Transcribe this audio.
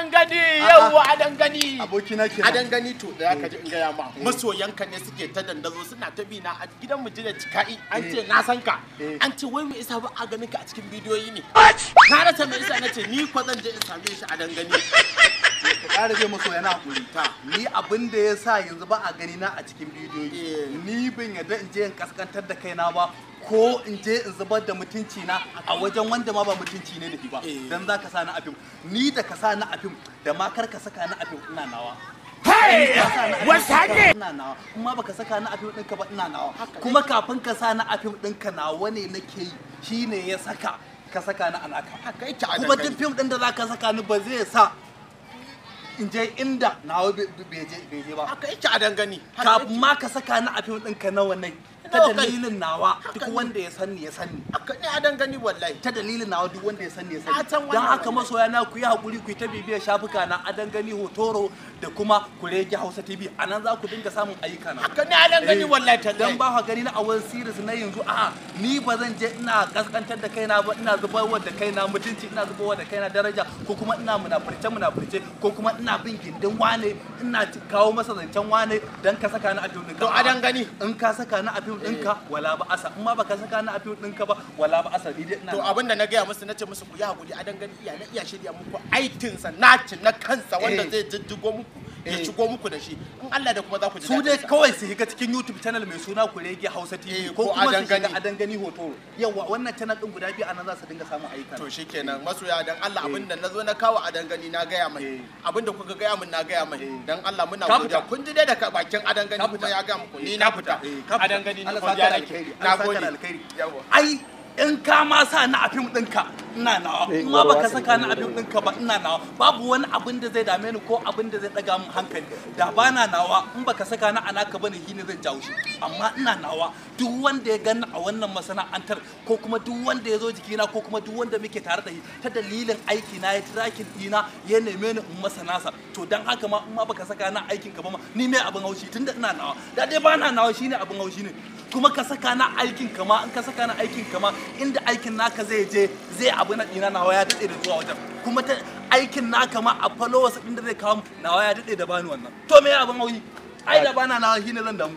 adangani yawwa adangani abokina kenan adangani to da ka ji in gaya ma mm. masoyanka ne suke ta dandazo suna ta bi na a gidan mu jira cika'i an ce mm. na san ka mm. an ce wai me isa ba a ganin ka a cikin bidiyoyi ne na rasa me isa nace ni ko zan je in same shi ka kare je maso yana hakurita ni abin da ya sa yanzu ba a gani na a cikin bidiyoyi eh. ni bin yadda in je in kaskantar da kaina ba ko in je in zubar da mutunci na a wajen wanda ma ba mutunci ne da shi ba eh. dan za ka sa na afim ni da ka sa na afim da ma kar ka saka na afim ina nawa wasu hake kuma baka saka na afim ɗinka ba ina nawa kuma kafin ka sa na afim ɗinka nawa ne nake yi shine ya saka ka saka na alaka kuma duk fim ɗin da za ka saka ni ba zai sa in je inda nawa bai je ba haka yake a dangane kafin ma ka saka na afim ɗinka nawa ne ta dalilin nawa duk wanda ya sani ya sani haka ne adan gani wallahi ta dalilin nawa duk wanda ya sani ya sani dan haka masoya na ku yi hakuri ku ta bibiya shafuka na adan gani hotoro da kuma ku rege Hausa TV anan za ku dinga samun ayyuka na haka ne adan gani eh, wallahi ta dan ba ha gani na a wani series na yanzu a'a ni ba zan je ina kaskantar da kaina ba ina zubarwa da kaina mutunci ina zubarwa da kaina daraja ko kuma ina munafurce munafurce ko kuma ina bin gindin wane ina kawo masa zancen wane dan ka saka ni a duniya to adan gani in ka saka ni a ɗinka wala ba asa in ma baka saka na appeal ɗinka ba wala ba asa ni dai to abin da na gaya musu nace musu ku yi hakuri a dangane iya na iya shirya muku aikin sa naci na kansa wanda eh. zai jijjigo muku ya eh. shigo muku da shi in Allah da kuma za ku ji su dai kawai su higa cikin YouTube channel mai suna Kurege Hausa TV eh, ko kuma su shiga adan gani hoto yawa wannan channel din guda biyu anan za su dinga samun ayyuka to shikenan masoya dan Allah eh. abin da nazo na kawo adangani na gaya mai abin da kuka gaya min na gaya mai dan Allah muna godiya kun ji dai da bakin adangani kuma ya ga muku ni na fita adangani na ni godiya nake na gode ai in ka ma sa na afim ɗinka ina nawa ma baka saka ni abin ɗinka ba ina nawa babu wani abin da zai dame ni ko abin da zai ɗaga min hankali da ba na nawa in baka saka ni a naka bane shi ne zan jawo shi amma ina nawa duk wanda ya gani a wannan masana'antar ko kuma duk wanda ya zo jikina ko kuma duk wanda muke tare da shi ta dalilin aiki na ya tirakin ɗina ya neme ni in masa to dan haka ma in ma baka saka ni aikin ka ba ma ni me abin haushi tunda ina nawa da dai ba na nawa shine abin haushi ne kuma ka saka na aikin kama in ka saka na aikin kama inda aikin naka zai je zai abu na dina nawa ya daɗe da zuwa wajen kuma ta aikin na kama a followers ɗin da zai kawo nawa ya daɗe da bani wannan to me abin hauyi ai da bana nawa shine zan damu